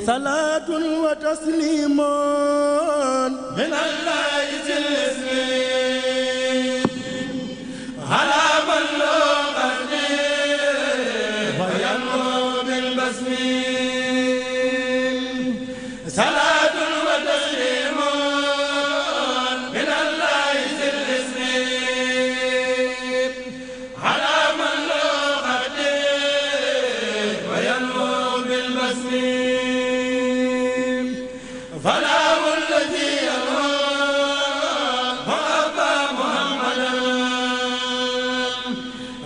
salaatun wa tasliimun min allah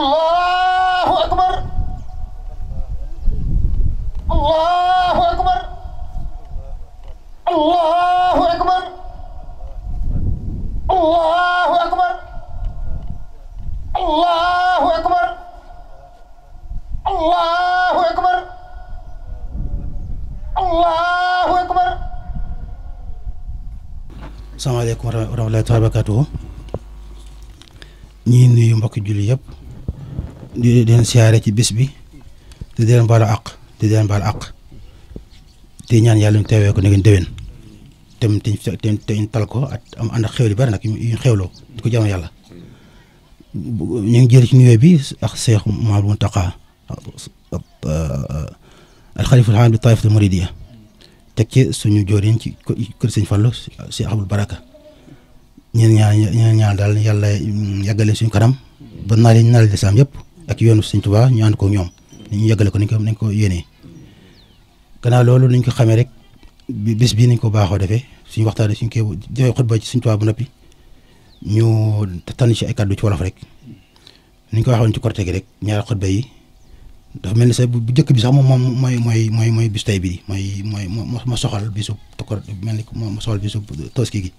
Oh allahu akbar allahu akbar allahu akbar asalaamaaleykum wa rahmatullaahi taala barakaatuhu ñii nuyu mbokki julli yëpp di leen siyaare ci bis bi di leen baalu àq di leen baalu àq te ñaan yàlla ñu teewee ko na ngeen déwén tem teñ teñ tal ko at am ànd ak xéwal yu bari nag ñu xéwloo di ko jaamu yàlla ñu ngi jël ci nuyoo bi ak Cheikh Mouhamadou Mountakha alxalifa alxaam bi taifatul muridiya teg ci suñu jóorin ci kër sëñ Fallu si Abul Baraka ñeen ñaa ñeen ñaa daal yàlla yàggale suñu kanam ba naa leen naa leen lislaam yëpp ak yoonu sëñ Tuubaa ñu ànd ko ñoom ñu yàggale ko nañ ko nañ ko yéenee gannaaw loolu niñ ko xamee rek bis bii nañ ko baaxoo defee suñu waxtaane suñ koy joxe xutba ci sëñ Tuubaa bu noppi ñu tànn ci ay kàddu ci wolof rek ni ñu ko waxoon ci korte gi rek ñaari xutba yi dafa mel ni sax bu njëkk bi sax moom moom mooy mooy mooy mooy bis tey bii mooy mooy ma soxal bisu tokkor mel ni ma soxal bisu toski gi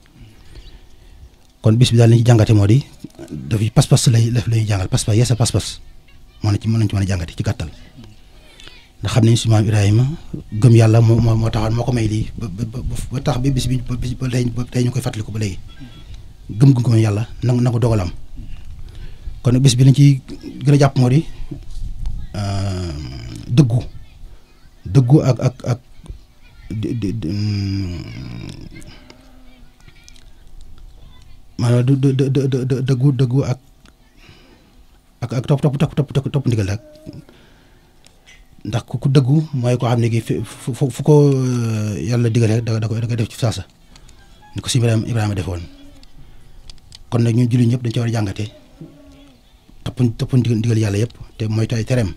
kon bis bi daal li ñu ci jàngate moo di dafay pas-pas lay daf lay jàngal pas-pas yeesa pas-pas moo ci mën nañ ci mën jàngate ci gàttal ndax xam nañ si maam Ibrahima gëm yàlla moo moo taxoon moo ko may lii ba ba tax bi bis bi ba bis ba tey ñu koy fàttaliku ba léegi. gëm gu yàlla nangu nangu dogalam kon bis bi lañ ci gën a jàpp moo di euh, dëggu dëggu ak ak ak mm, maanaam du dëggu dëggu ak ak ak topp topp topp topp ndigal rek ndax ku dëggu mooy koo xam ne gi fu fu ko euh, yàlla digal rek da da def ci saasa ni ko si Ibrahima Ibrahima defoon. kon nag ñu jullit ñëpp dañ ci war a jàngate topp topp ndigal yàlla yëpp te moytu ay tereem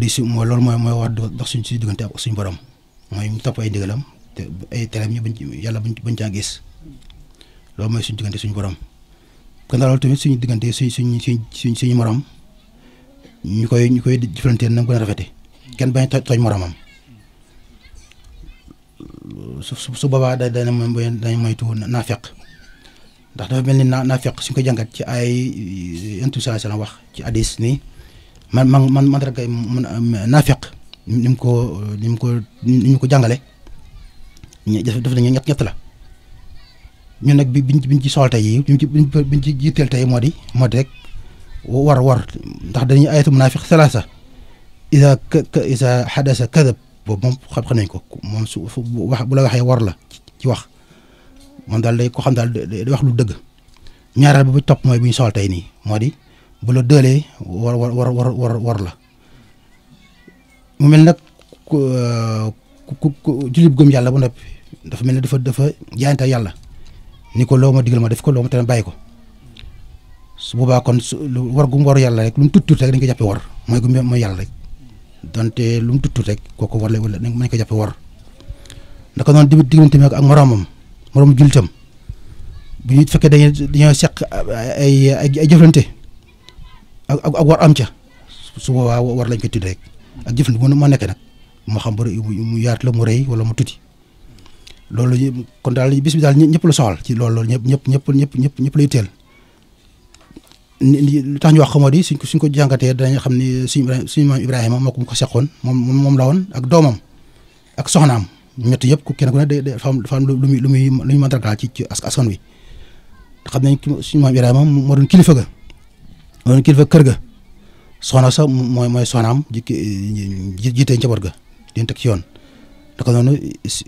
di si mooy loolu mooy mooy wax dox suñ suñu diggante ak borom mooy mu topp ay ndigalam te ay tereem ñu bañ yàlla bañ bañ caa gis loolu mooy suñu diggante suñu borom kon loolu tamit suñu diggante suñ suñ suñ suñu morom ñu koy ñu koy jëflanteel na mu gën a rafete kenn bañ tooñ moromam su su boobaa da dana dañ moytu naafeq ndax dafa mel ni naa naafeq suñ ko jàngat ci ay intu euh, saa wax ci hadis ni man man man man rek euh, naafeq ni mu ko ni mu ko ni mu ko jàngale def nañu ñett ñett la ñun nag bi biñ biñ ci soxla tey yi biñ ci jiiteel tey moo di moo di rek war war ndax dañuy ayatul munaafiq salaasa isa isa xadasa kadab boobu moom xam nañ ko moom su wax bu la waxee war la ci wax moom daal day ko xam daal di wax lu dëgg ñaareel ba bu topp mooy bu ñu soxal tey nii moo di bu la dëlee war war war war la mu mel nag ku ku jullit gëm yàlla bu noppi dafa mel ne dafa dafa jaayante yàlla ni ko loo ma digal ma def ko loo ma tamit bàyyi ko su boobaa kon su war gu war yàlla rek lu mu tuut tuut rek dañ ko jàppee war mooy gu yàlla rek. donte lu mu tuttu rek kooku war lay wala nañ ko jàppe war ndaka noonu di diggante ak moroomam moroom jullitam bu ñu fekkee dañuy dañoo seq ay ay jëflante ak ak war am ca su boobaa war lañ ko tudd rek ak jëflante bu ma nekk nag moo xam bëri mu yaat la mu rëy wala mu tuti loolu kon daal bis bi daal ñëpp la soxal ci loolu loolu ñëpp ñëpp ñëpp ñëpp ñëpp la yitteel lu tax ñu wax ko moo di suñ ko suñ ko jàngatee danañ xam ne suñ suñu maam Ibrahima moo ko ko seqoon moom moom la woon ak doomam ak soxnaam ñett yëpp ku kenn ku ne dafa am dafa am lu muy lu muy lu ñu mandargaal ci ci askan wi. xam nañ suñu maam Ibrahima moo doon kilifa ga moo doon kilifa kër ga soxna sa moy mooy soxnaam ji ji jiite njaboot ga di teg ci yoon. da ko noonu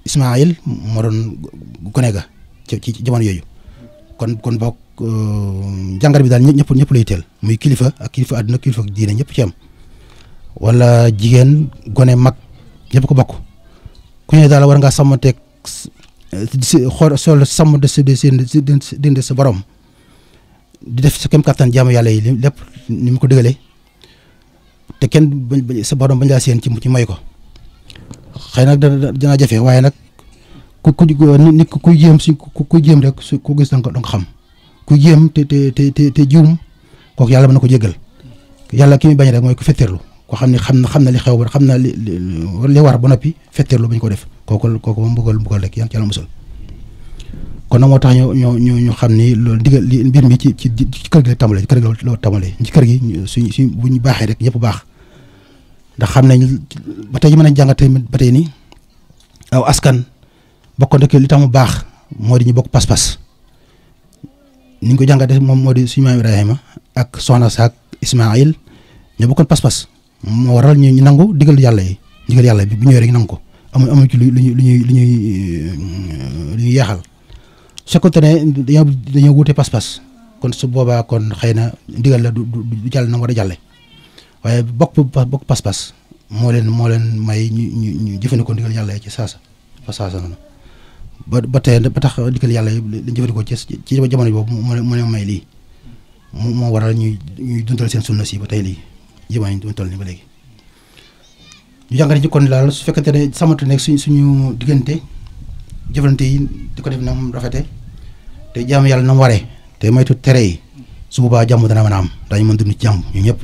Ismaayil moo doon gone ga ci ci jamono yooyu. kon kon boog euh, jàngat bi daal ñëpp ñëpp lay teel muy kilifa ak kilifa àdduna kilifa ak diine ñëpp ci am jigéen gone mag ñëpp ko bokk ku ne daal war sama teg si xool sol sàmm de sa de de sa borom di def sa kem kattan jaamu yàlla yi lépp ni mu ko dëgalee te kenn sa borom bañ laa seen ci ci may ko xëy nag dana dana jafe waaye nag. ku ku nit ku jéem suñ ku jéem rek su ku gis ko xam ku jéem te te te te jiwum kooku yàlla mën ko jégal yàlla ki muy bañ rek mooy ku fetteerlu ko xam ne xam na xam na li xew ba xam na li li war ba noppi fetteerlu bañ ko def kooku kooku moom mbugal mbugal rek yan ci yàlla musal kon nag moo tax ñu ñu ñu xam ni loolu digal li mbir mi ci ci kër gi la tàmbalee ci kër gi la tàmbalee ci kër gi suñ suñ bu ñu baaxee rek ñëpp baax ndax xam nañ ba tey man a jàngat ba tey ni aw askan bokkoon ak li tax mu baax moo di ñu bokk pas-pas ni ñu ko jàngatee moom moo di suñu maam Ibrahima ak Soxna Saak Ismaayil ñoo bokkoon pas-pas moo waral ñu ñu nangu digal yàlla yi yàlla bi bu ñëwee rek ko amuñ amuñ ci lu lu ñuy lu ñuy lu ñuy euh, yeexal su fekkoon ne dañoo dañoo wute pas kon su boobaa kon xëy na digal la du du jàll na war jàlle waaye bokk bokk pas-pas moo leen moo leen may ñu ñu ñu jëfandikoo ndigal yàlla ci saasa fa saasa noonu ba ba tey ba tax dikkal yàlla yi dañ jëfandikoo ci ci jamono boobu mu ne may lii mu moo waral ñuy ñuy dundal seen sunna si ba tey lii jamono ñu dundal ni ba léegi ñu jàngate ci kon laal su fekkente ne sàmmante nekk suñ suñu diggante jëflante yi di ko def na mu rafete te jaam yàlla na mu waree te moytu tere yi su boobaa jàmm dana mën a am daañu mën dund ci jàmm ñu ñëpp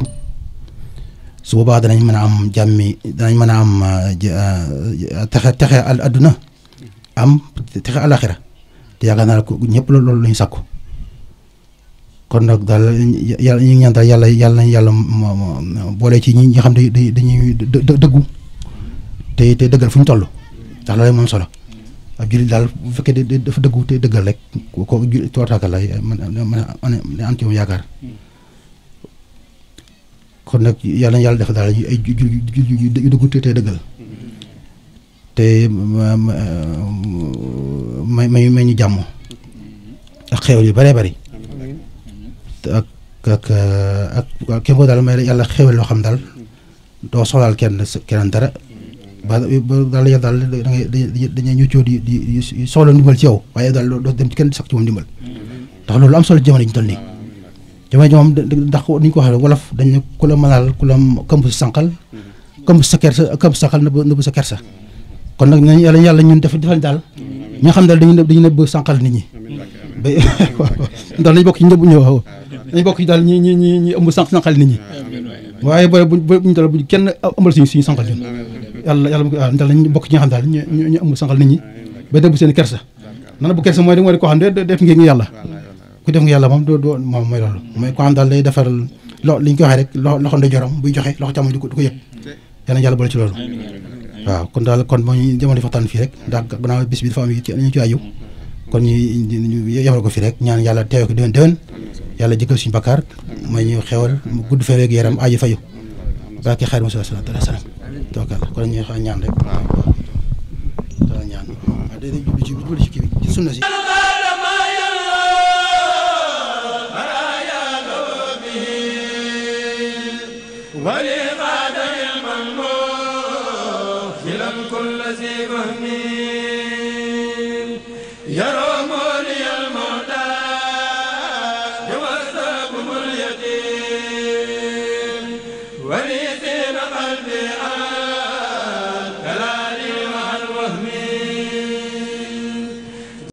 su boobaa danañ mën a am jàmmi danañ mën a am ah, ah, texe texe àdduna am texe alaxira te yaakaar naa ko ñëpp loolu la ñu sàkku kon nag daal yàlla ñu ngi ñaan daal yàlla yàlla nañ yàlla boole ci ñi nga xam ne dañuy dëggu te te dëggal fu ñu toll ndax loolu moom solo ab jullit daal bu fekkee dafa dëggu te dëggal rek ko jullit toortaaka la man man am ci moom yaakaar kon nag yàlla na yàlla def daal ay ju ju ju dëggu te dëggal. te may may ma ñu jàmm ak xew yu bëree bëri ak ak ak ak kéem daal may yàlla xewal loo xam daal doo soxlaal kenn keneen dara ba daal yàlla daal da ngay dañuy ñu coow di di soxla ndimbal ci yow waaye daal doo dem ci kenn sax ci moom ndimbal ndax loolu am solo jamono ji ñu toll nii jamono ji ndax ni ñu ko wolof dañ ku la mënaal ku la këmb si sànqal këmb sa kersa këmb sa sànqal sa kon nag nañ yàlla yàlla ñun def defal daal ñi nga xam daal dañu dañu nëbb sànqal nit ñi ba ndax dañu bokk ci nëbb ñëw waaw dañu bokk ci daal ñi ñi ñi ñi ëmb sànq sànqal nit ñi waaye bu buñu dal buñ kenn ëmbal suñu suñu sànqal ñun yàlla yàlla waaw ah, ndax dañu bokk ci ñi nga xam daal ñu ëmb sànqal nit ñi ba dëbb seen kersa nana bu kersa mooy de mooy de koo xam ne def ngeen yàlla ku def nga yàlla moom doo doo moom mooy loolu mooy koo xam daal day defar lo li ñu ko waxee rek loxo loxo ndeyjooram buy joxe loxo càmmoñ du ko du ko yëg yàlla yàlla boole ci loolu waaw kon daal kon moo ñu jamono waxtaan fii rek ndax gannaaw bis bi dafa am ñu ci aju kon ñu yafal ko fii rek ñaan yàlla teewe ko déwén déwén yàlla jëkkal suñu bakkaar may ñu xewal mu gudd fee rek yaram aju fayu barke xaar ma sallallahu alayhi wasallam tookal kon ñu ñaan rek waaw ñaan waaw day jublu ci jublu ci kii bi ci sunna si إلى كل ذي مهمين يرى